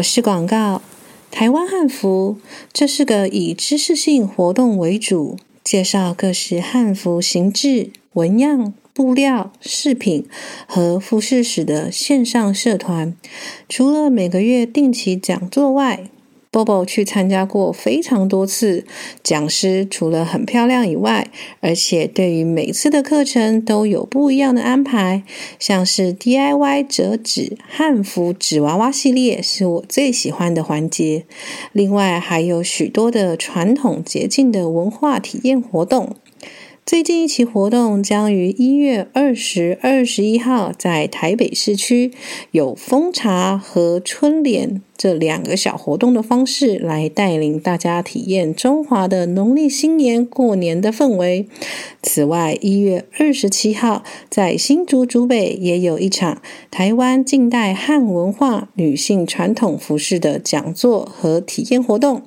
我是廣告，台灣漢服，這是個以知識性活動為主，介紹各式漢服形制、紋樣、布料、飾品和服飾史的線上社團。除了每個月定期講座外，Bobo 去參加過非常多次，講師除了很漂亮以外，而且對於每次的課程都有不一樣的安排，像是 DIY 摺紙、漢服、紙娃娃系列是我最喜歡的環節。另外還有許多的傳統節慶的文化體驗活動。最近一期活動將於一月二十二十一號在台北市區有封茶和春聯。這兩個小活動的方式，來帶領大家體驗中華的農曆新年過年的氛圍。此外，一月二十七號在新竹竹北也有一場台灣近代漢文化女性傳統服飾的講座和體驗活動，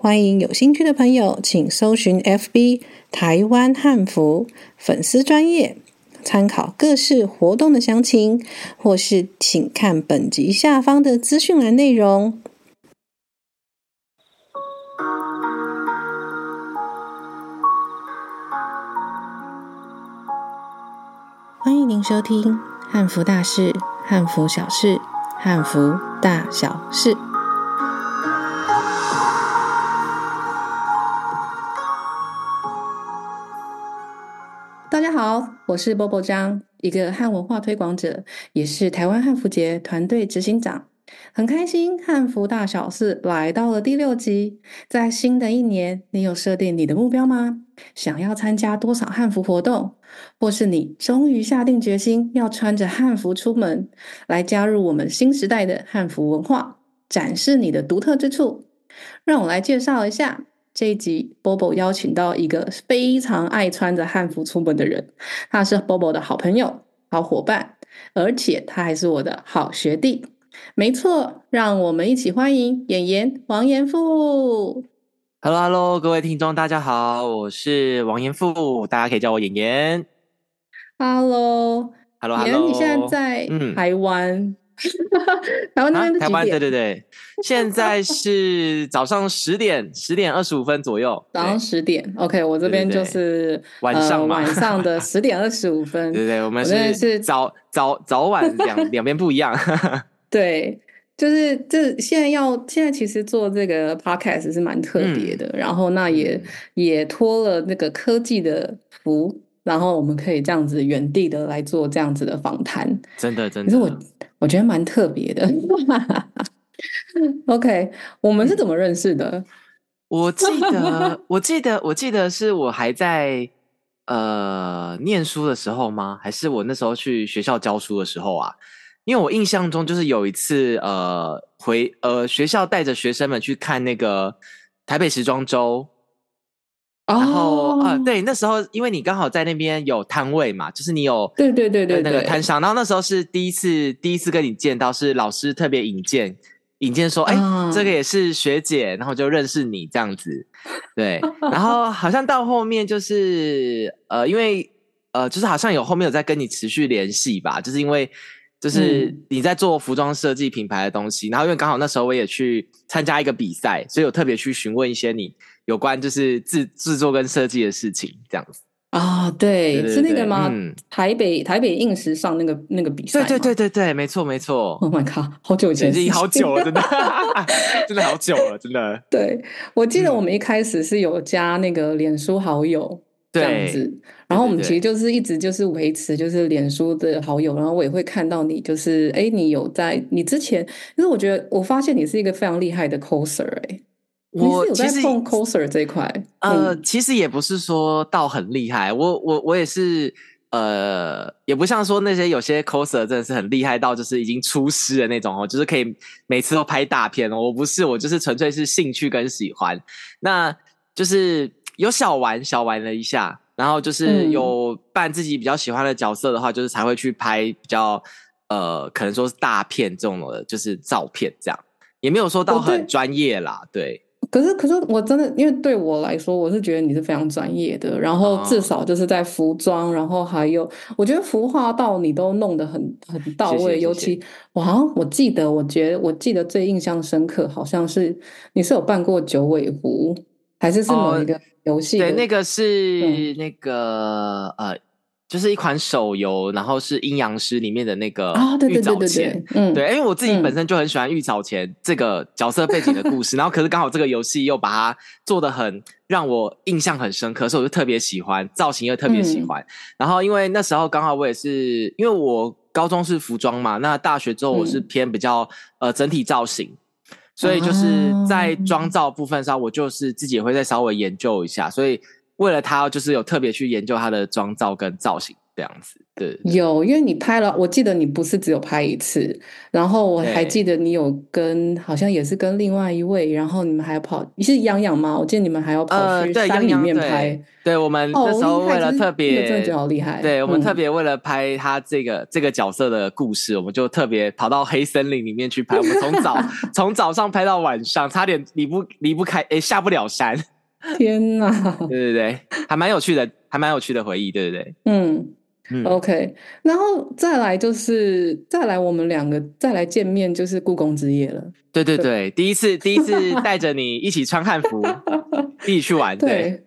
歡迎有興趣的朋友，請搜尋 FB 台灣漢服粉絲專頁。參考各式活動的詳情，或是請看本集下方的資訊欄內容。歡迎您收聽《漢服大事、漢服小事、漢服大小事》。我是波波張，一個漢文化推廣者，也是台灣漢服節團隊執行長。很開心，漢服大小事來到了第六集。在新的一年，你有設定你的目標嗎？想要參加多少漢服活動？或是你終於下定決心要穿着漢服出門，來加入我們新時代的漢服文化，展示你的獨特之處？讓我來介紹一下。這一集，Bobo 邀請到一個非常愛穿着漢服出門的人，他是 Bobo 的好朋友、好夥伴，而且他還是我的好學弟。沒錯，讓我們一起歡迎言言王言復。Hello，Hello，hello, 各位聽眾，大家好，我是王言復，大家可以叫我言言。Hello，Hello，言言，你現在在台灣？嗯然 後那邊台灣對,對,對現在是早上十點十 點二十五分左右，早上十點。OK，我這邊就是對對對、呃、晚上 晚上的十點二十五分。 對,對對，我們是早 早早晚兩兩邊不一樣。 對，就是這現在要現在其實做這個 podcast 是蠻特別的、嗯，然後那也、嗯、也託了那個科技的福，然後我們可以這樣子遠地的來做這樣子的訪談。真的，真的，可是我，我覺得蠻特別的 ，OK。我們是怎麼認識的？我記得，我記得，我記得，是我還在呃念書的時候嗎？還是我那時候去學校教書的時候啊？因為我印象中就是有一次，呃，回呃學校帶着學生們去看那個台北時裝周。然後啊、oh. 呃，對，那時候因為你剛好在那邊有攤位嘛，就是你有對對對對，對、呃、那個攤商。然後那時候是第一次第一次跟你見到，是老師特別引薦引薦說，哎、欸，oh. 這個也是學姐，然後就認識你這樣子。對，然後好像到後面就是 呃，因為呃，就是好像有後面有在跟你持續聯繫吧，就是因為就是你在做服裝設計品牌的東西、嗯，然後因為剛好那時候我也去參加一個比賽，所以有特別去詢問一些你。有關就是製製作跟設計的事情，這樣子啊、哦，對，對，對，對，是那個嗎？嗯、台北台北硬時尚那個那個比賽，對對對對沒錯沒錯。Oh my god！好久以前，已經好久了，真的， 真的好久了，真的。對，我記得我們一開始是有加那個臉書好友，這樣子對對對對，然後我們其實就是一直就是維持就是臉書的好友，然後我也會看到你，就是哎、欸，你有在你之前，因為我覺得我發現你是一個非常厲害的 coser 哎、欸。我其實 coser 這一塊，呃，其實也不是說到很厲害，我我我也是，呃，也不像說那些有些 coser 真的是很厲害到就是已經出師的那種哦，就是可以每次都拍大片哦。我不是，我就是純粹是興趣跟喜歡，那就是有小玩小玩了一下，然後就是有扮自己比較喜歡的角色的話，嗯、就是才會去拍比較，呃，可能說是大片這種的，就是照片這樣，也沒有說到很專業啦，對，對。可是，可是我真的，因為對我來說，我是覺得你是非常專業的，然後至少就是在服裝，然後還有，我覺得服化道你都弄得很很到位，謝謝謝謝。尤其哇，我記得，我覺得我記得最印象深刻，好像是你是有扮過九尾狐，還是是某一個遊戲？哦，對，那個是，對，那個，呃。啊就是一款手遊，然後是《陰陽師》裡面的那個玉藻前、哦對對對對對，嗯，對，因為我自己本身就很喜歡玉藻前這個角色背景的故事，嗯、然後可是剛好這個遊戲又把它做得很 讓我印象很深刻，所以我就特別喜歡造型，又特別喜歡、嗯。然後因為那時候剛好我也是因為我高中是服裝嘛，那大學之後我是偏比較、嗯、呃整體造型，所以就是在妝造部分上、啊，我就是自己也會再稍微研究一下，所以。為了他，就是有特別去研究他的妝造跟造型這樣子。對。有，因為你拍了，我記得你不是只有拍一次，然後我還記得你有跟，好像也是跟另外一位，然後你們還要跑，你是楊洋嗎？我記得你們還要跑去山裡面拍。呃、對，羊羊對，對，我們那時候為了特別，哦、因為真的好厲害。對，我們特別為了拍他這個、嗯、這個角色的故事，我們就特別跑到黑森林裡面去拍。我們從早 從早上拍到晚上，差點離不離不開，哎，下不了山。天吶！對對對，還蠻有趣的，還蠻有趣的回憶，對不對？嗯，嗯，OK，然後再來就是再來我們兩個再來見面就是故宮之夜了。對對對，對第一次第一次帶着你一起穿漢服， 一起去玩，對。對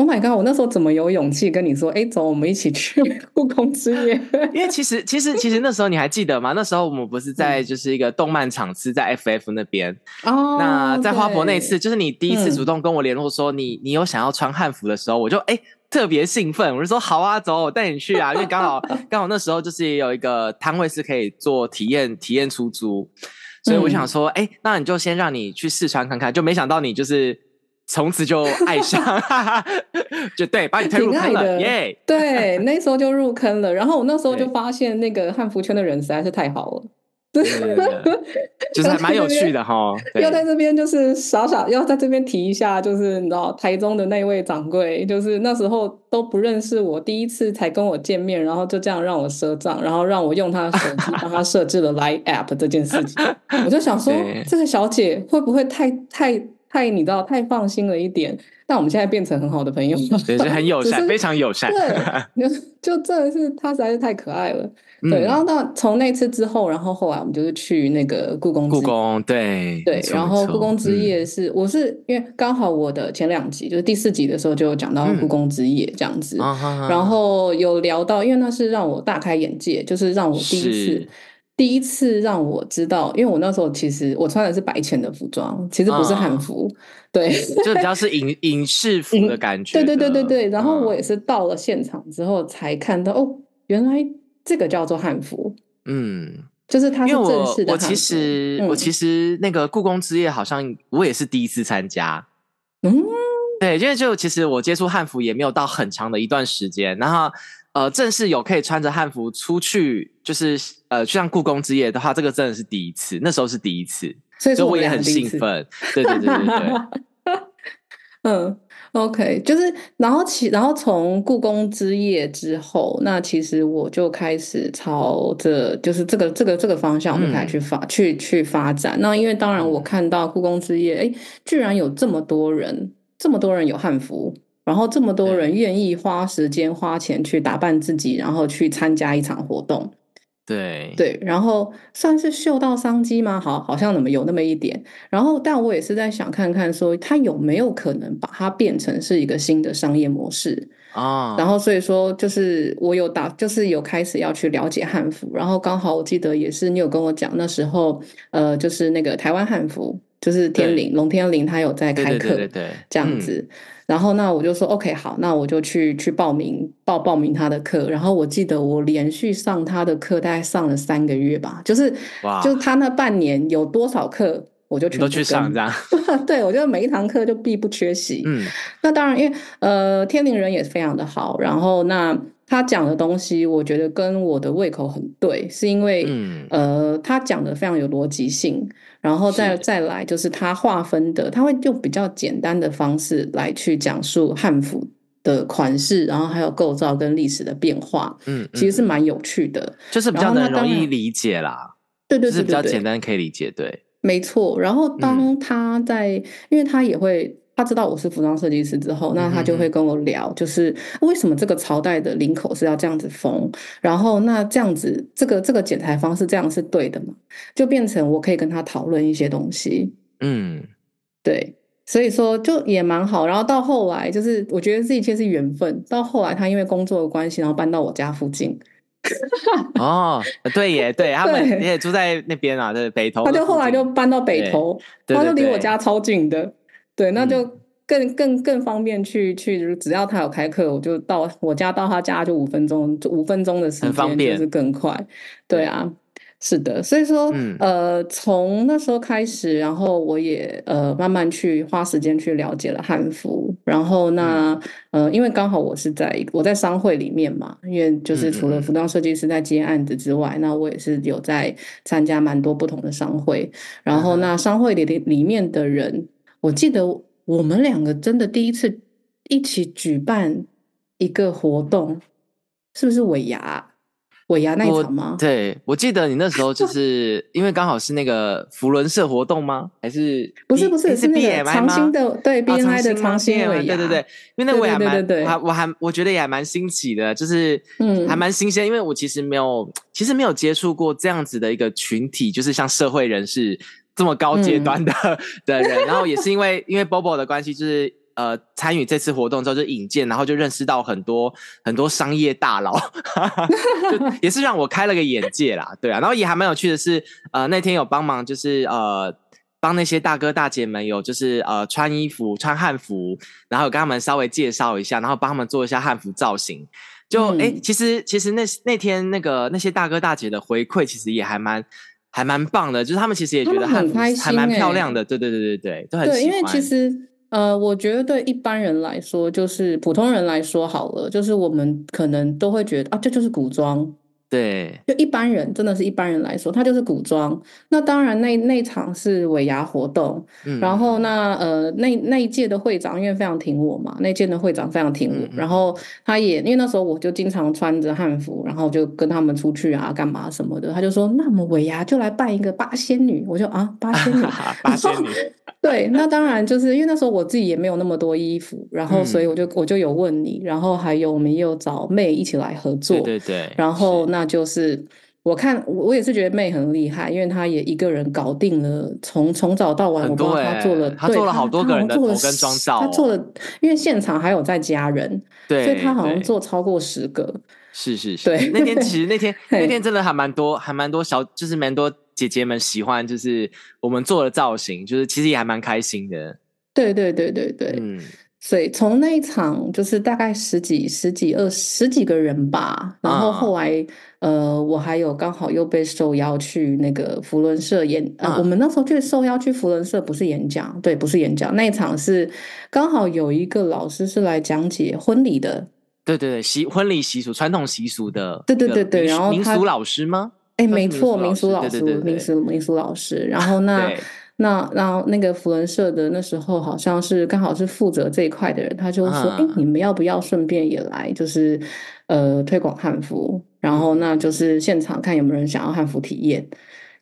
Oh my god！我那時候怎麼有勇氣跟你說？哎，走，我們一起去故宮之夜。因為其實，其實，其實那時候你還記得嗎？ 那時候我們不是在就是一個動漫場次在 FF 那邊哦、嗯。那在花博那次、哦，就是你第一次主動跟我聯絡說你、嗯、你有想要穿漢服的時候，我就哎特別興奮，我就說好啊，走，我帶你去啊，因為剛好 剛好那時候就是也有一個攤位是可以做體驗體驗出租，所以我想說，哎、嗯，那你就先讓你去試穿看看，就沒想到你就是。從此就愛上， 就對，把你推入坑了。愛的 yeah! 對，那時候就入坑了。 然後我那時候就發現，那個漢服圈的人實在是太好了。對，對，對， 就是蠻有趣的哈、啊。要在這邊就是傻傻要在這邊提一下，就是你知道台中的那位掌櫃，就是那時候都不認識我，第一次才跟我見面，然後就這樣讓我賒賬，然後讓我用他的手機幫 他設置了 Line App 這件事情， 我就想說，這個小姐會不會太太？太，你知道，太放心了一點，但我們現在變成很好的朋友，也是很友善，非常友善。對，就 就真的是他實在是太可愛了。嗯、對，然後到從那次之後，然後後來我們就是去那個故宮。故宮對對，然後故宮之夜是我是因為剛好我的前兩集就是第四集的時候就講到故宮之夜這樣子，嗯啊哈哈，然後有聊到，因為那是讓我大開眼界，就是讓我第一次。第一次讓我知道，因為我那時候其實我穿的是白淺的服裝，其實不是漢服、啊，對，就比較是影 影視服的感覺、嗯。對對對對對、嗯。然後我也是到了現場之後才看到，嗯、哦，原來這個叫做漢服。嗯，就是它是正式的。因為我我其實、嗯、我其實那個故宮之夜，好像我也是第一次參加。嗯，對，因為就其實我接觸漢服也沒有到很長的一段時間，然後。.呃，正式有可以穿着漢服出去，就是呃，像故宮之夜的話，這個真的是第一次，那時候是第一次，所以我也很興奮。 對對對對對，對 嗯。嗯，OK，就是然後其然後從故宮之夜之後，那其實我就開始朝着就是這個這個這個方向，我們來去發、嗯、去去發展。那因為當然我看到故宮之夜，哎，居然有這麼多人，這麼多人有漢服。然後這麼多人願意花時間花錢去打扮自己，然後去參加一場活動，對對，然後算是嗅到商機嗎？好，好像怎麼有那麼一點。然後，但我也是在想看看說，說它有沒有可能把它變成是一個新的商業模式啊？然後，所以說，就是我有打，就是有開始要去了解漢服。然後，剛好我記得也是你有跟我講那時候，呃，就是那個台灣漢服，就是天靈龍天靈，他有在開課，對對，對，對，對，對，這樣子。嗯然後那我就說 OK 好，那我就去去報名報報名他的課。然後我記得我連續上他的課，大概上了三個月吧。就是哇就是他那半年有多少課，我就全都，都去上這樣 對，我覺得每一堂課就必不缺席。嗯，那當然，因為呃，天靈人也是非常的好。然後那他講的東西，我覺得跟我的胃口很對，是因為、嗯、呃，他講的非常有邏輯性。然後再再來，就是他劃分的，他會用比較簡單的方式來去講述漢服的款式，然後還有構造跟歷史的變化，嗯，嗯，其實是蠻有趣的，就是比較能容易理解啦，對對對對對，就是比較簡單可以理解，對，沒錯。然後當他在，嗯，因為他也會。他知道我是服裝設計師之後，那他就會跟我聊，就是、嗯、為什麼這個朝代的領口是要這樣子縫，然後那這樣子這個這個剪裁方式這樣是對的嘛？就變成我可以跟他討論一些東西。嗯，對，所以說就也蠻好。然後到後來，就是我覺得這一切是緣分。到後來，他因為工作的關係，然後搬到我家附近。 哦，對耶，對，他們也住在那邊啊，對，北投。他就後來就搬到北投，他就離我家超近的。對，那就更、嗯、更更方便去去，只要他有開課，我就到我家到他家就五分鐘，就五分鐘的時間就是更快。對啊、嗯，是的，所以說、嗯、呃，從那時候開始，然後我也呃慢慢去花時間去了解了漢服。然後那、嗯、呃，因為剛好我是在我在商會裡面嘛，因為就是除了服裝設計師在接案子之外，嗯、那我也是有在參加蠻多不同的商會。然後那商會裡裡裡面的人。我記得我們兩個真的第一次一起舉辦一個活動，是不是尾牙？尾牙那一場嗎？對，我記得你那時候就是 因為剛好是那個扶輪社活動嗎？還是不是不是是 B N I 嗎？新的、哦、的新對 B N I 的創新尾牙，對對對，因為那個我也蠻，我還，我，還我覺得也蠻新奇的，就是嗯，還蠻新鮮、嗯，因為我其實沒有其實沒有接觸過這樣子的一個群體，就是像社會人士。這麼高階端的、嗯、的人，然後也是因為因為 Bobo 的關係，就是呃參與這次活動之後就引薦，然後就認識到很多很多商業大佬，哈哈也是讓我開了個眼界啦，對啊，然後也還蠻有趣的是，呃那天有幫忙就是呃幫那些大哥大姐們有就是呃穿衣服穿漢服，然後有跟他們稍微介紹一下，然後幫他們做一下漢服造型，就哎、嗯欸、其實其實那那天那個那些大哥大姐的回饋其實也還蠻還蠻棒的，就是他們其實也覺得很開心、欸，還蠻漂亮的。對對對對對，都很喜歡。對，因為其實，呃，我覺得對一般人來說，就是普通人來說好了，就是我們可能都會覺得啊，這就是古裝。對，就一般人，真的是一般人來說，他就是古裝。那當然那，那那場是尾牙活動。嗯、然後那呃，那那一屆的會長因為非常挺我嘛，那屆的會長非常挺我。嗯、然後他也因為那時候我就經常穿着漢服，然後就跟他們出去啊，幹嘛什麼的。他就說：“那麼尾牙就來辦一個八仙女。”我就啊，八仙女， 然後 八仙女。 對，那當然就是因為那時候我自己也沒有那麼多衣服，然後所以我就、嗯、我就有問你，然後還有我們也有找妹一起來合作。對對，對。然後那。那就是我看我也是覺得妹很厲害，因為她也一個人搞定了。從從早到晚，欸、我幫她做了，她做了好多個人的妝造她她。她做了，因為現場還有在加人，對，所以她好像做超過十個。是是是，那天其實那天 那天真的還蠻多，還蠻多小，就是蠻多姐姐們喜歡，就是我們做的造型，就是其實也還蠻開心的。對，對對對對對，嗯。所以從那一場就是大概十幾十幾二十幾個人吧，然後後來。嗯.呃，我還有剛好又被受邀去那個福倫社演啊、呃，我們那時候去受邀去福倫社不是演講，對，不是演講，那一場是剛好有一個老師是來講解婚禮的，對對對，習婚禮習俗傳統習俗的，對對對對，然後民俗老師嗎？哎、欸，沒錯，民俗老師，民俗民俗，俗老師。然後那 那然後那個福倫社的那時候好像是剛好是負責這一塊的人，他就說，哎、啊欸，你們要不要順便也來，就是呃推廣漢服。然後那就是現場看有沒有人想要漢服體驗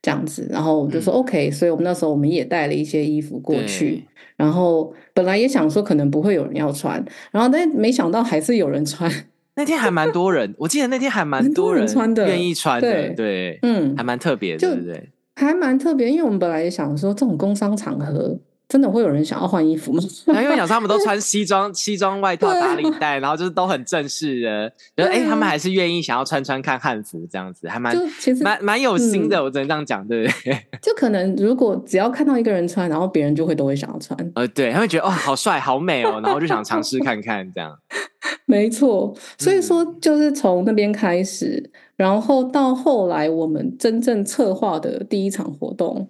這樣子，然後我就說 OK，嗯，所以我們那時候我們也帶了一些衣服過去，然後本來也想說可能不會有人要穿，然後但沒想到還是有人穿。那天還蠻多人， 我記得那天還蠻多人穿的，願意穿的，穿的對，對，嗯，還蠻特別的，對不對？還蠻特別，對，因為我們本來也想說這種工商場合。真的會有人想要換衣服嗎？ 啊、因為有時候他們都穿西裝、 西裝外套打、打領帶，然後就是都很正式的。啊就是欸、他們還是願意想要穿穿看漢服這樣子，還蠻蠻蠻有心的、嗯。我只能這樣講，對不對？就可能如果只要看到一個人穿，然後別人就會都會想要穿。呃，對，他會覺得哇、哦，好帥，好美哦，然後就想嘗試看看這樣。 沒錯，所以說就是從那邊開始、嗯，然後到後來我們真正策劃的第一場活動。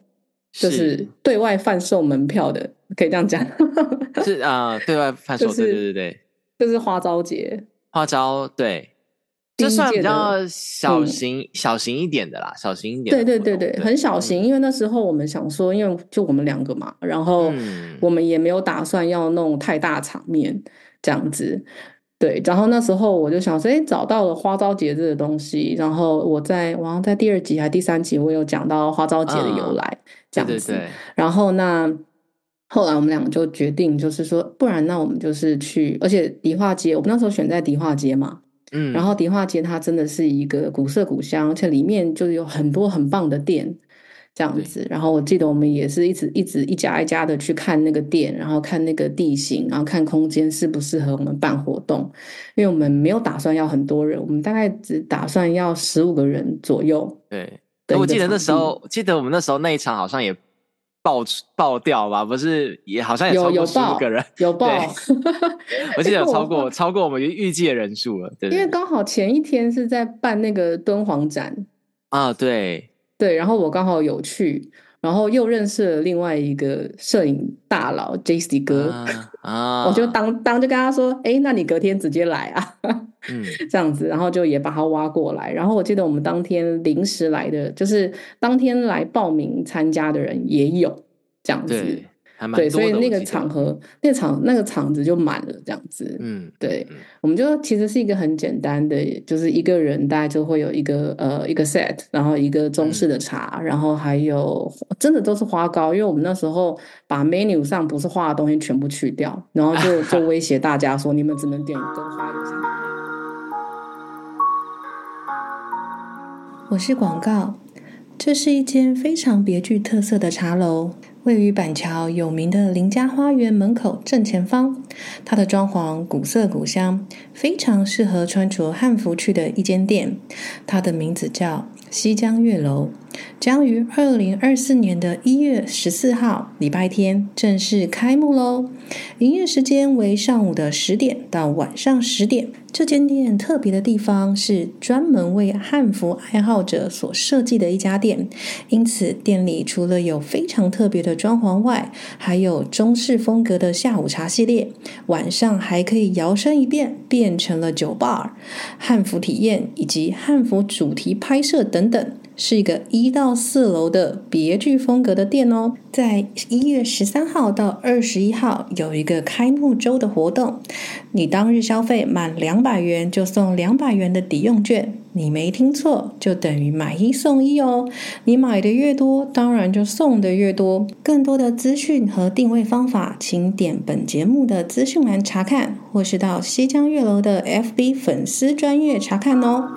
就是對外販售門票的，可以這樣講， 是啊、呃，對外販售，對、就是、對對對，這是花朝節。花朝，對，就算比較小型、嗯、小型一點的啦，小型一點，對對對對，對很小型、嗯，因為那時候我們想說，因為就我們兩個嘛，然後我們也沒有打算要弄太大場面這樣子。對，然後那時候我就想說，誒，找到了花朝節這個東西。然後我在，好像在第二集還是第三集，我有講到花朝節的由來、哦、對對對這樣子。然後那後來我們兩個就決定，就是說，不然那我們就是去，而且迪化街，我們那時候選在迪化街嘛。嗯。然後迪化街它真的是一個古色古香，而且裡面就是有很多很棒的店。這樣子，然後我記得我們也是一直一直一家一家的去看那個店，然後看那個地形，然後看空間適不適合我們辦活動，因為我們沒有打算要很多人，我們大概只打算要十五個人左右。對，我記得那時候，記得我們那時候那一場好像也爆爆掉吧？不是也好像有有十五個人，有，有爆，有爆 我記得有超過 超過我們預計的人數了。對，對，對，因為剛好前一天是在辦那個敦煌展啊，對。對，然後我剛好有去，然後又認識了另外一個攝影大佬 J.C. 哥，啊啊、 我就當當就跟他說，哎，那你隔天直接來啊，嗯、 這樣子，然後就也把他挖過來，然後我記得我們當天臨時來的，就是當天來報名參加的人也有這樣子。對，所以那個場合，那個、場那個場子就滿了，這樣子。嗯，對嗯，我們就其實是一個很簡單的，就是一個人大概就會有一個呃一個 set，然後一個中式的茶，嗯、然後還有真的都是花糕，因為我們那時候把 menu 上不是花的東西全部去掉，然後就 就威脅大家說你們只能點跟花有關。 我是廣告，這是一間非常別具特色的茶樓。位於板橋有名的林家花園門口正前方，它的裝潢古色古香，非常適合穿着漢服去的一間店。它的名字叫西江玥樓。將於二零二四年的一月十四號禮拜天正式開幕嘍！營業時間為上午的十點到晚上十點。這間店特別的地方是專門為漢服愛好者所設計的一家店，因此店裡除了有非常特別的裝潢外，還有中式風格的下午茶系列。晚上還可以搖身一變，變成了酒吧、漢服體驗以及漢服主題拍攝等等。是一個一到四樓的別具風格的店哦，在一月十三號到二十一號有一個開幕周的活動，你當日消費滿兩百元就送兩百元的抵用券，你沒聽錯，就等於買一送一哦。你買的越多，當然就送的越多。更多的資訊和訂位方法，請點本節目的資訊欄查看，或是到西江玥樓的 FB 粉絲專頁查看哦。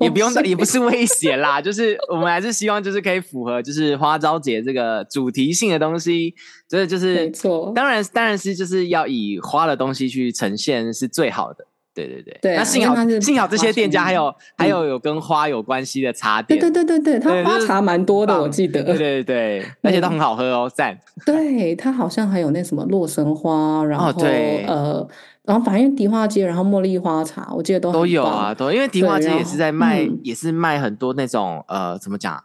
也不用，哦，也不是威脅啦， 就是我們還是希望，就是可以符合，就是花朝節這個主題性的東西，所以就是，沒錯，當然，當然是就是要以花的東西去呈現是最好的，對對對，對、啊。那幸好幸好這些店家還有還有、嗯、還有有跟花有關係的茶點。對對對對，對他花茶蠻多的、嗯，我記得，對對對，而那些都很好喝哦，讚、嗯。對他好像還有那什麼洛神花，然後、哦、對呃。然後，反正迪化街，然後茉莉花茶，我記得都都有啊，都因為迪化街也是在賣，也是賣很多那種呃，怎麼講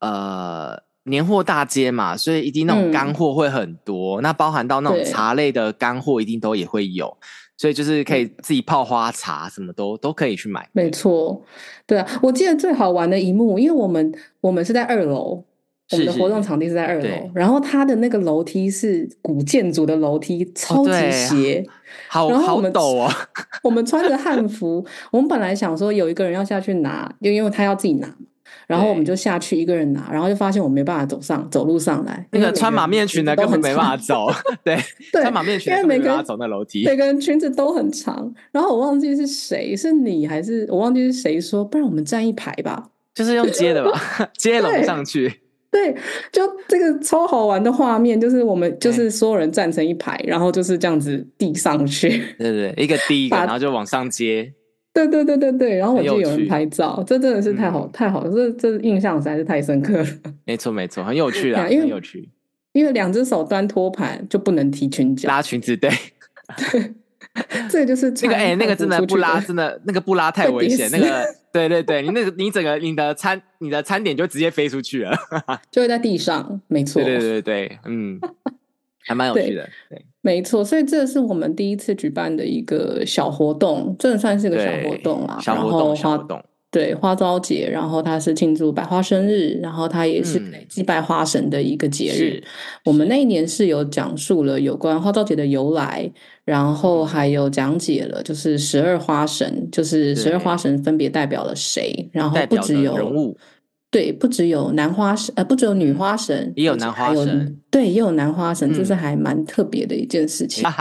呃，年貨大街嘛，所以一定那種乾貨會很多，嗯、那包含到那種茶類的乾貨，一定都也會有，所以就是可以自己泡花茶，什麼都、嗯、都可以去買。沒錯，對啊，我記得最好玩的一幕，因為我們我們是在二樓。我們的活動場地是在二樓，是是是然後它的那個樓梯是古建築的樓梯，哦、超級斜，好，好，陡我們啊，哦、我們穿着漢服， 我們本來想說有一個人要下去拿，又因為他要自己拿，然後我們就下去一個人拿，然後就發現我沒辦法走上，走路上來，那個穿馬面裙的根本沒辦法走， 對，穿馬面裙的 對，因沒辦法走在樓梯，每個人裙子都很長，然後我忘記是誰，是你還是我忘記是誰說，不然我們站一排吧，就是用接的吧，接龍上去。對，就這個超好玩的畫面，就是我們就是所有人站成一排，然後就是這樣子遞上去，對對，對，一個遞一個，然後就往上接，對對對對對，然後我就有人拍照，這真的是太好、嗯、太好了，這這印象實在是太深刻了，沒錯沒錯，很有趣啊，因為很有趣，因為兩隻手端托盤就不能提裙角，拉裙子，對。 對 這就是這、那個哎、欸，那個真的不拉， 真的那個不拉太危險了。那個，對對對， 你那個你整個你的餐你的餐點就直接飛出去了 就會在地上，沒錯、嗯。對對對，對，對嗯， 還蠻有趣的對對。對，沒錯。所以這是我們第一次舉辦的一個小活動，真的算是個小活動啦。小活動，小活動。對，花朝節，然後它是慶祝百花生日，然後它也是祭拜花神的一個節日、嗯。我們那一年是有講述了有關花朝節的由來，然後還有講解了就是十二花神，就是十二花神分別代表了誰，對，然後不只有人物，對，不只有男花神，呃，不只有女花神，嗯、也有男花神，嗯、對，也有男花神、嗯，就是還蠻特別的一件事情。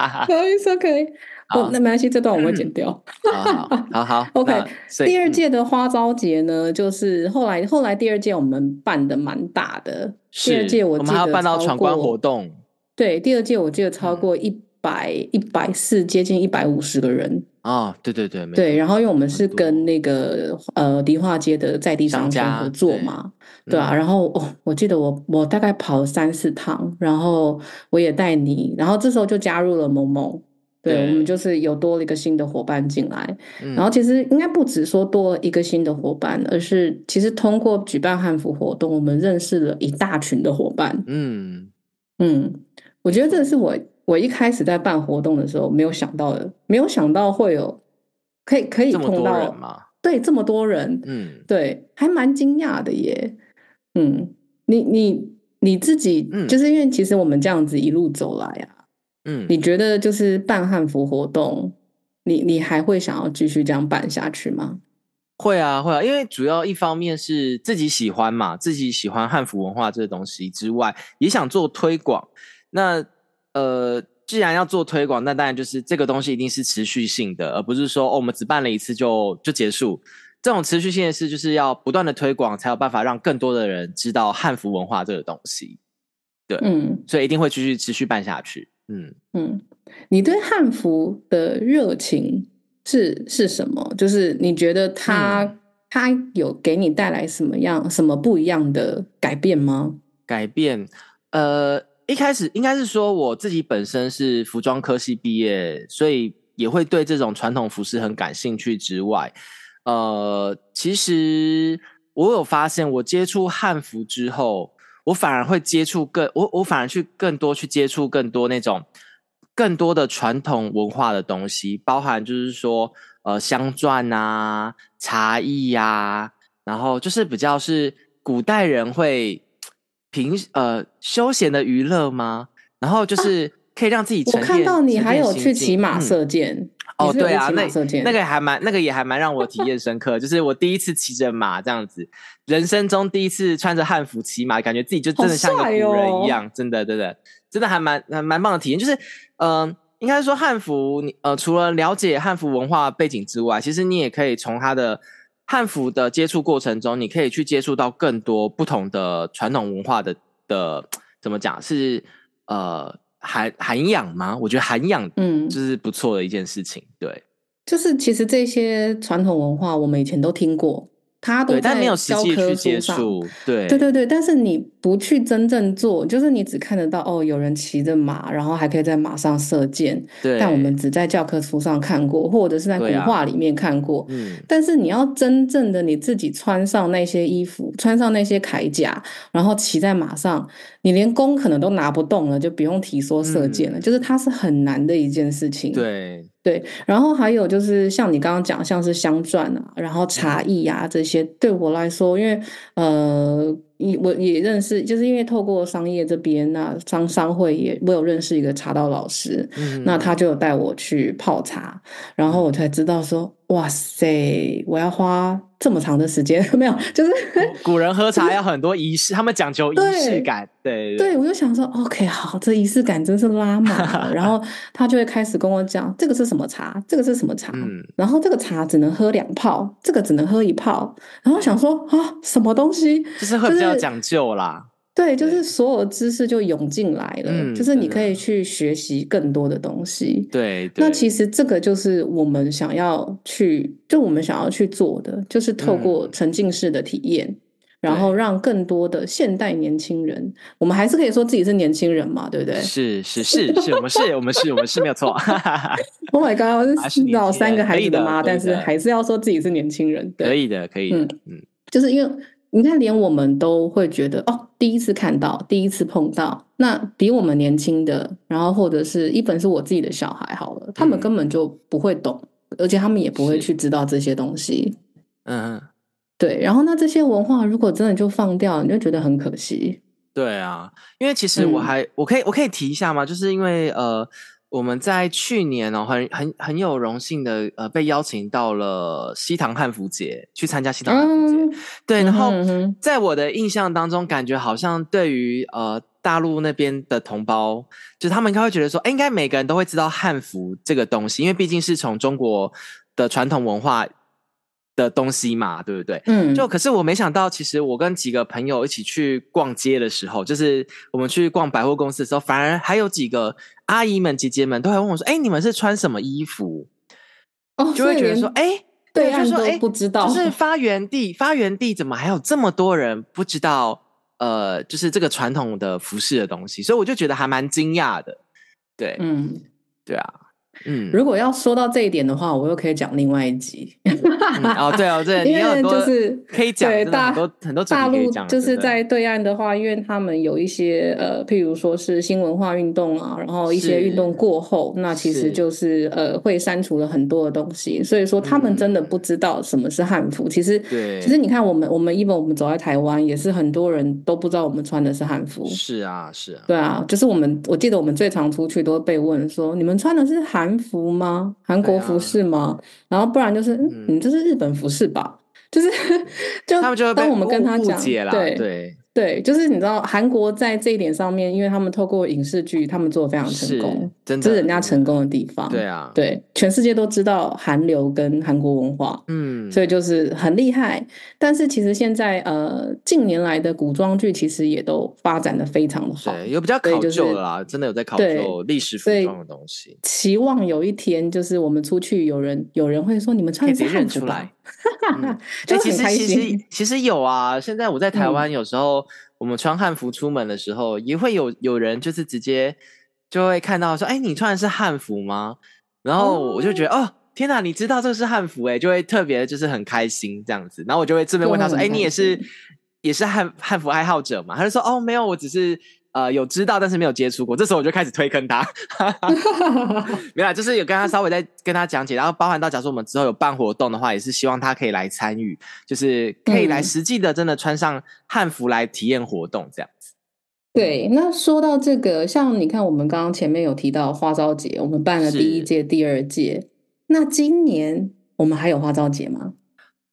No, 好哦，那沒關係，這段我會剪掉。嗯 哦、好好,好 ，OK、嗯。第二屆的花朝節呢，就是後來後來第二屆我們辦的蠻大的。第二屆我記得超過辦到闖關活動，對，第二屆我記得超過一百一百四，140, 接近一百五十個人。啊、哦，對對對，對。然後因為我們是跟那個呃迪化街的在地商家合作嘛，對,對啊。嗯、然後哦，我記得我我大概跑了三四趟，然後我也帶你，然後這時候就加入了某某。對，對，我們就是有多了一個新的夥伴進來，嗯、然後其實應該不只說多一個新的夥伴，而是其實通過舉辦漢服活動，我們認識了一大群的夥伴。嗯嗯，我覺得這是我我一開始在辦活動的時候沒有想到的，沒有想到會有可以可以碰到這麼多人嗎？對，這麼多人，嗯，對，還蠻驚訝的耶。嗯，你你你自己、嗯，就是因為其實我們這樣子一路走來啊。嗯，你覺得就是辦漢服活動，你你還會想要繼續這樣辦下去嗎？嗯、會啊會啊，因為主要一方面是自己喜歡嘛，自己喜歡漢服文化這個東西之外，也想做推廣。那呃，既然要做推廣，那當然就是這個東西一定是持續性的，而不是說哦我們只辦了一次就就結束。這種持續性的事就是要不斷的推廣，才有辦法讓更多的人知道漢服文化這個東西。對，嗯，所以一定會繼續持續辦下去。嗯嗯，你對漢服的熱情是是什麼？就是你覺得它、嗯、它有給你帶來什麼樣什麼不一樣的改變嗎？改變，呃，一開始應該是說我自己本身是服裝科系畢業，所以也會對這種傳統服飾很感興趣之外，呃，其實我有發現，我接觸漢服之後。我反而會接觸更我我反而去更多去接觸更多那種更多的傳統文化的東西，包含就是說呃香篆啊、茶藝呀，然後就是比較是古代人會平呃休閒的娛樂嗎？然後就是可以讓自己、啊、我看到你還有去騎馬射箭。呃哦是是，對啊，那那個還蠻，那個也還蠻讓我體驗深刻。 就是我第一次騎着馬這樣子，人生中第一次穿着漢服騎馬，感覺自己就真的像一個古人一樣，哦、真的，真的，真的還蠻、還蠻棒的體驗。就是，嗯、呃，應該說漢服，你呃，除了了解漢服文化背景之外，其實你也可以從他的漢服的接觸過程中，你可以去接觸到更多不同的傳統文化的的怎麼講是呃。涵涵養嗎？我覺得涵養，嗯，就是不錯的一件事情，嗯。對，就是其實這些傳統文化，我們以前都聽過。他都在教科書上，對，但沒有實際去接觸。對對對，但是你不去真正做，就是你只看得到哦，有人騎着馬，然後還可以在馬上射箭。對，但我們只在教科書上看過，或者是在古畫裡面看過、啊。但是你要真正的你自己穿上那些衣服，嗯、穿上那些鎧甲，然後騎在馬上，你連弓可能都拿不動了，就不用提說射箭了。嗯、就是它是很難的一件事情。對。對，然後還有就是像你剛剛講，像是香篆啊，然後茶藝啊這些，對我來說，因為呃。我也認識，就是因為透過商業這邊、啊，那商商會也我有認識一個茶道老師，嗯、那他就帶我去泡茶，然後我才知道說，哇塞，我要花這麼長的時間，沒有，就是古人喝茶要很多儀式，他們講究儀式感，對，對，對，對，對我就想說，OK，好，這儀式感真是拉滿了， 然後他就會開始跟我講這個是什麼茶，這個是什麼茶，嗯、然後這個茶只能喝兩泡，這個只能喝一泡，然後想說啊，什麼東西？就是喝比較要講究啦，對，就是所有知識就湧進來了、嗯，就是你可以去學習更多的東西，對。對，那其實這個就是我們想要去，就我們想要去做的，就是透過沉浸式的體驗、嗯，然後讓更多的現代年輕人，我們還是可以說自己是年輕人嘛，對不對？是是是是， 是，我們是，我們是，我們是沒有錯。 oh my god！我是老三個孩子的媽，但是還是要說自己是年輕人對。可以的，可以的。嗯嗯，就是因為。你看，連我們都會覺得哦，第一次看到，第一次碰到，那比我們年輕的，然後或者是一本是我自己的小孩，好了，他們根本就不會懂，嗯，而且他們也不會去知道這些東西。嗯，對。然後，那這些文化如果真的就放掉，你就覺得很可惜。對啊，因為其實我還，我可以，我可以提一下嗎？就是因為呃。我們在去年哦，很很很有榮幸的，呃，被邀請到了西塘漢服節去參加西塘漢服節。對，然後在我的印象當中，嗯、哼哼，感覺好像對於呃大陸那邊的同胞，就他們應該會覺得說，欸、應該每個人都會知道漢服這個東西，因為畢竟是從中國的傳統文化的東西嘛，對不對？嗯，就可是我沒想到，其實我跟幾個朋友一起去逛街的時候，就是我們去逛百貨公司的時候，反而還有幾個阿姨們、姐姐們，都會問我說：“哎、欸，你們是穿什麼衣服？”哦、就會覺得說：“哎，對，就說哎，不知道、欸，就是發源地，發源地怎麼還有這麼多人不知道？呃，就是這個傳統的服飾的東西，所以我就覺得還蠻驚訝的。對，嗯，對啊。”嗯，如果要說到這一點的話，我又可以講另外一集。 嗯、哦對哦對，因為就是可以講對大很多很大陸，就是在對岸的話，因為他們有一些呃，譬如說是新文化運動啊，然後一些運動過後，那其實就是，是呃會刪除了很多的東西，所以說他們真的不知道什麼是漢服。嗯、其實對，其實你看我們我們 Even 我們走在台灣，也是很多人都不知道我們穿的是漢服。是啊是啊，對啊，就是我們我記得我們最常出去都會被問說、嗯、你們穿的是韓。韓服嗎？韓國服飾嗎？哎？然後不然就是，嗯，你這是日本服飾吧？嗯、就是， 就他們就我們跟他講，了，對。對，就是你知道韓國在這一點上面，因為他們透過影視劇，他們做的非常成功，這是，就是人家成功的地方。對啊，對，全世界都知道韓流跟韓國文化，嗯，所以就是很厲害。但是其實現在，呃，近年來的古裝劇其實也都發展的非常的好。對，有比較考究的啦、就是，真的有在考究歷史服裝的東西。期望有一天，就是我們出去，有人有人會說你們穿的是漢服哈 哈、嗯，就、欸、其實其實其實有啊。現在我在台灣，有時候、嗯、我們穿漢服出門的時候，也會有有人就是直接就會看到說：“哎、欸，你穿的是漢服嗎？”然後我就覺得：“哦，哦天哪，你知道這個是漢服哎、欸，就會特別就是很開心這樣子。”然後我就會這邊問他說：“哎、哦欸，你也是也是漢漢服愛好者嗎？”他就說：“哦，沒有，我只是。”呃，有知道，但是沒有接觸過，這時候我就開始推坑他，呵呵 沒有啦，就是有跟他稍微在跟他講解，然後包含到，假如我們之後有辦活動的話，也是希望他可以來參與，就是可以來實際的，真的穿上漢服來體驗活動、嗯、這樣子。對，那說到這個，像你看，我們剛剛前面有提到花朝節，我們辦了第一屆、第二屆，那今年我們還有花朝節嗎？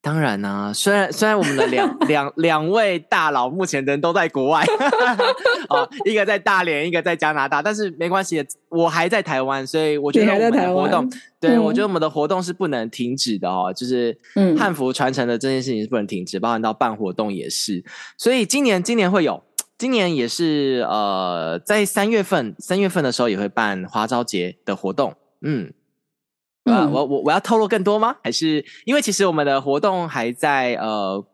當然吶、啊，雖然雖然我們的兩兩兩位大佬目前人都在國外，哈哈哈。哦，一個在大連，一個在加拿大，但是沒關係，我還在台灣，所以我覺得我們的活動，對、嗯，我覺得我們的活動是不能停止的哦，就是、嗯、漢服傳承的這件事情是不能停止，包含到辦活動也是，所以今年今年會有，今年也是呃，在三月份三月份的時候也會辦花朝節的活動，嗯。啊，我我我要透露更多嗎？還是因為其實我們的活動還在呃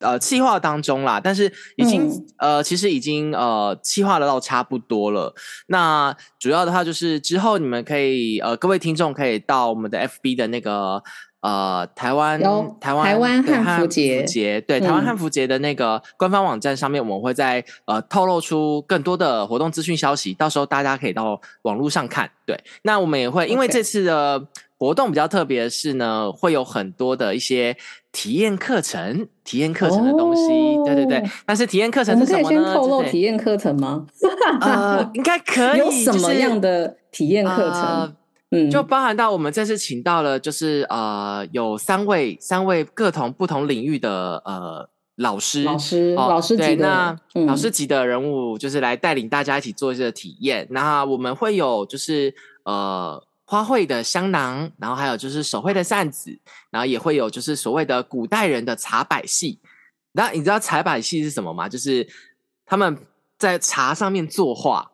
呃計劃當中啦，但是已經、嗯、呃其實已經呃計劃的到差不多了。那主要的話就是之後你們可以呃各位聽眾可以到我們的 FB 的那個。呃，台灣台灣台灣漢服節，對，對、嗯、台灣漢服節的那個官方網站上面，我們會在呃透露出更多的活動資訊消息，到時候大家可以到網絡上看。對，那我們也會、okay. 因為這次的活動比較特別的是呢，會有很多的一些體驗課程，體驗課程的東西、oh。對對對，但是體驗課程是什麼呢？你可以先透露體驗課程嗎？ 呃，應該可以。有什麼樣的體驗課程？呃嗯，就包含到我們這次請到了，就是、嗯、呃，有三位三位各同不同領域的呃老師，老師，老師，哦、老師級，那老師級的人物就是來帶領大家一起做一些體驗。然、嗯、後我們會有就是呃花卉的香囊，然後還有就是手繪的扇子，然後也會有就是所謂的古代人的茶百戲。那你知道茶百戲是什麼嗎？就是他們在茶上面作畫。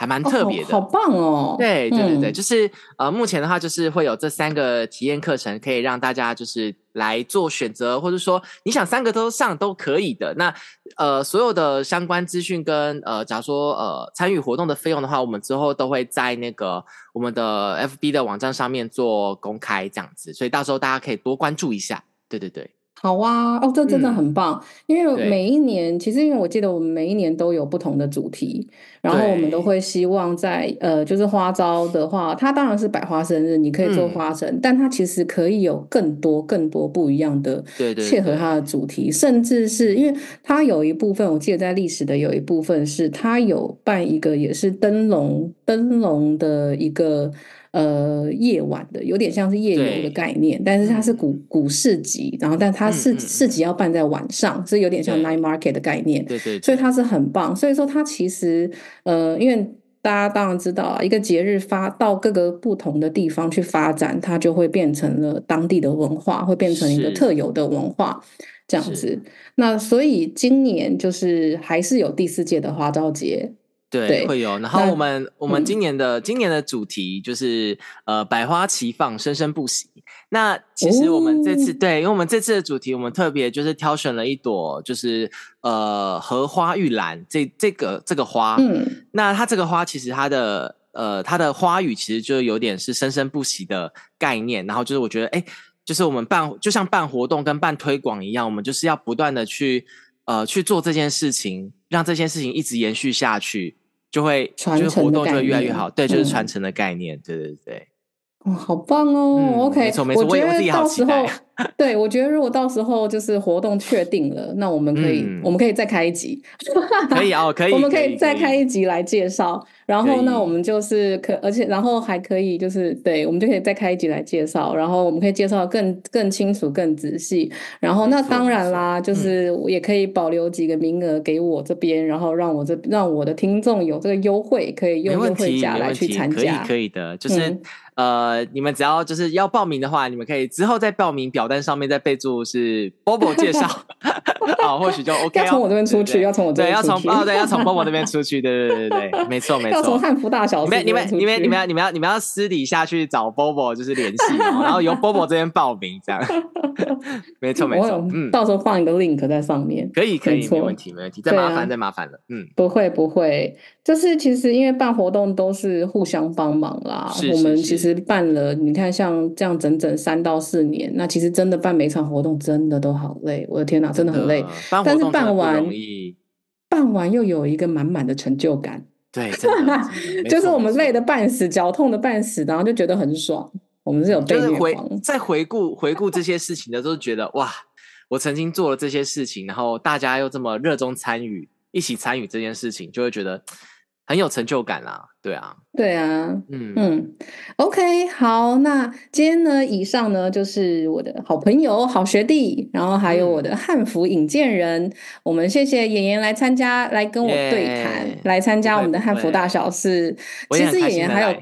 還蠻特別的，好棒哦！對對對對，就是呃，目前的話就是會有這三個體驗課程，可以讓大家就是來做選擇，或者說你想三個都上都可以的。那呃，所有的相關資訊跟呃，假如說呃，參與活動的費用的話，我們之後都會在那個我們的 FB 的網站上面做公開這樣子，所以到時候大家可以多關注一下。對對對。好哇、啊，哦，這真的很棒。嗯、因為每一年，其實因為我記得我們每一年都有不同的主題，然後我們都會希望在呃，就是花朝的話，它當然是百花生日，你可以做花神、嗯，但它其實可以有更多更多不一樣的，對對，切合它的主題，對對對對，甚至是因為它有一部分，我記得在歷史的有一部分是它有辦一個也是燈籠燈籠的一個。呃，夜晚的有點像是夜遊的概念，但是它是古、嗯、古市集，然後但它是市、嗯、市集要辦在晚上，所、嗯、以有點像 night market 的概念。對對，所以它是很棒。所以說它其實，呃，因為大家當然知道、啊，一個節日發到各個不同的地方去發展，它就會變成了當地的文化，會變成一個特有的文化這樣子。那所以今年就是還是有第四屆的花朝節。對，對，會有。然後我們我們今年的、嗯、今年的主題就是呃百花齊放，生生不息。那其實我們這次、哦、對，因為我們這次的主題，我們特別就是挑選了一朵就是呃荷花玉蘭這這個這個花。嗯，那它這個花其實它的呃它的花語其實就有點是生生不息的概念。然後就是我覺得誒，就是我們辦就像辦活動跟辦推廣一樣，我們就是要不斷的去呃去做這件事情，讓這件事情一直延續下去。就會就是活動就會越來越好、嗯，對，就是傳承的概念，對對對對，哇、嗯，好棒哦、嗯、，OK，沒錯沒錯，我也我自己好期待 對，我覺得如果到時候就是活動確定了，那我們可以，嗯、我們可以再開一集， 可以啊、哦，可以， 我們可以再開一集來介紹。然後呢，我們就是可，而且然後還可以就是，對我們就可以再開一集來介紹。然後我們可以介紹得更更清楚、更仔細。然後、嗯、那當然啦、嗯，就是也可以保留幾個名額給我這邊，然後讓我這讓我的聽眾有這個優惠，可以用問題優惠價來去參加。可以，可以的，就是、嗯、呃，你們只要就是要報名的話，你們可以之後再報名表。但上面再備註是 BOBO 介紹， 好、 哦，或許就 OK、哦。要從我這邊出去，對對，要從我這邊。對，要從 BOBO、 哦、對，要從 BOBO 那邊出去。對對對對對，沒錯沒錯。要從漢服大小，你們你們你們你們要你們要你們要私底下去找 BOBO，就是聯繫、哦， 然後由 BOBO 這邊報名這樣。 沒錯沒錯，嗯，到時候放一個 link 在上面，可以可以，沒,沒問題沒問題。再麻煩、啊、再麻煩了，嗯，不會不會。就是其實因為辦活動都是互相幫忙啦。是是是我們其實辦了，你看像這樣整整三到四年，那其實真的辦每場活動真的都好累。我的天哪，真的，真的很累。但是辦完，辦完又有一個滿滿的成就感。對，真的真的 就是我們累得半死，腳 痛得半死，然後就覺得很爽。我們是有就是回, 就就、就是、回 在回顧回顧這些事情的時候，覺得哇，我曾經做了這些事情，然後大家又這麼熱衷參與。一起參與這件事情，就會覺得很有成就感啦，對啊、嗯，對啊，嗯嗯，OK，好，那今天呢，以上呢就是我的好朋友、好學弟，然後還有我的漢服引薦人。嗯、我們謝謝言言來參加，來跟我對談，來參加我們的漢服大小事。其實言言還有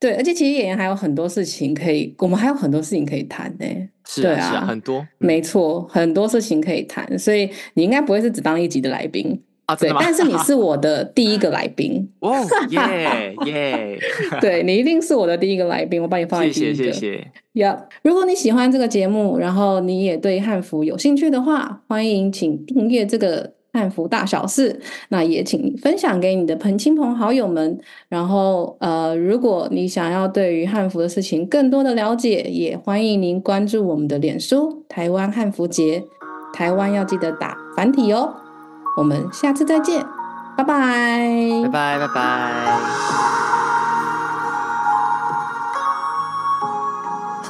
對，而且其實言言還有很多事情可以，我們還有很多事情可以談呢、欸。是啊，對啊，是啊，很多，嗯、沒錯，很多事情可以談，所以你應該不會是只當一集的來賓。對，但是你是我的第一個來賓哇！耶、oh, 耶、yeah, yeah. 對，你一定是我的第一個來賓，我幫你放第一。謝謝謝謝。Yep, 如果你喜歡這個節目，然後你也對漢服有興趣的話，歡迎請訂閱這個漢服大小事。那也請分享給你的朋親朋好友們。然後呃，如果你想要對於漢服的事情更多的了解，也歡迎您關注我們的臉書台灣漢服節。台灣要記得打繁體哦。我們下次再見，拜拜，拜拜，拜拜。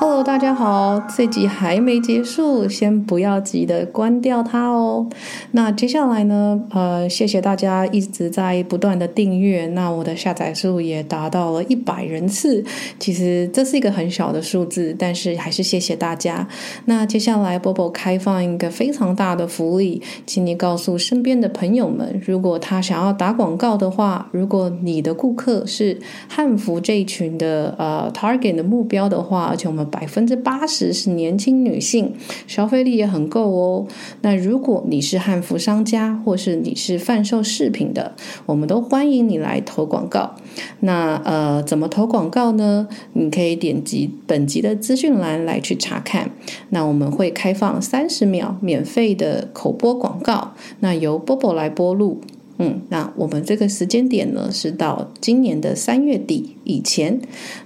Hello，大家好，這集還沒結束，先不要急的關掉它哦。那接下來呢？呃，謝謝大家一直在不斷的訂閱，那我的下載數也達到了一百人次。其實這是一個很小的數字，但是還是謝謝大家。那接下來，Bobo 開放一個非常大的福利，請你告訴身邊的朋友們，如果他想要打廣告的話，如果你的顧客是漢服這一群的呃 target 的目標的話，而且我們。百分之八十是年輕女性，消費力也很夠哦。那如果你是漢服商家，或是你是販售飾品的，我們都歡迎你來投廣告。那呃，怎麼投廣告呢？你可以點擊本集的資訊欄來去查看。那我們會開放三十秒免費的口播廣告，那由 Bobo 來播錄。嗯，那我們這個時間點呢，是到今年的三月底以前。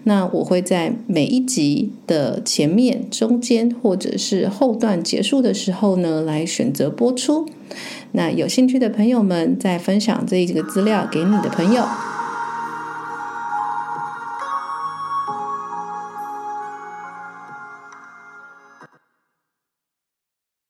那我會在每一集的前面、中間或者是後段結束的時候呢，來選擇播出。那有興趣的朋友們，再分享這一個資料給你的朋友。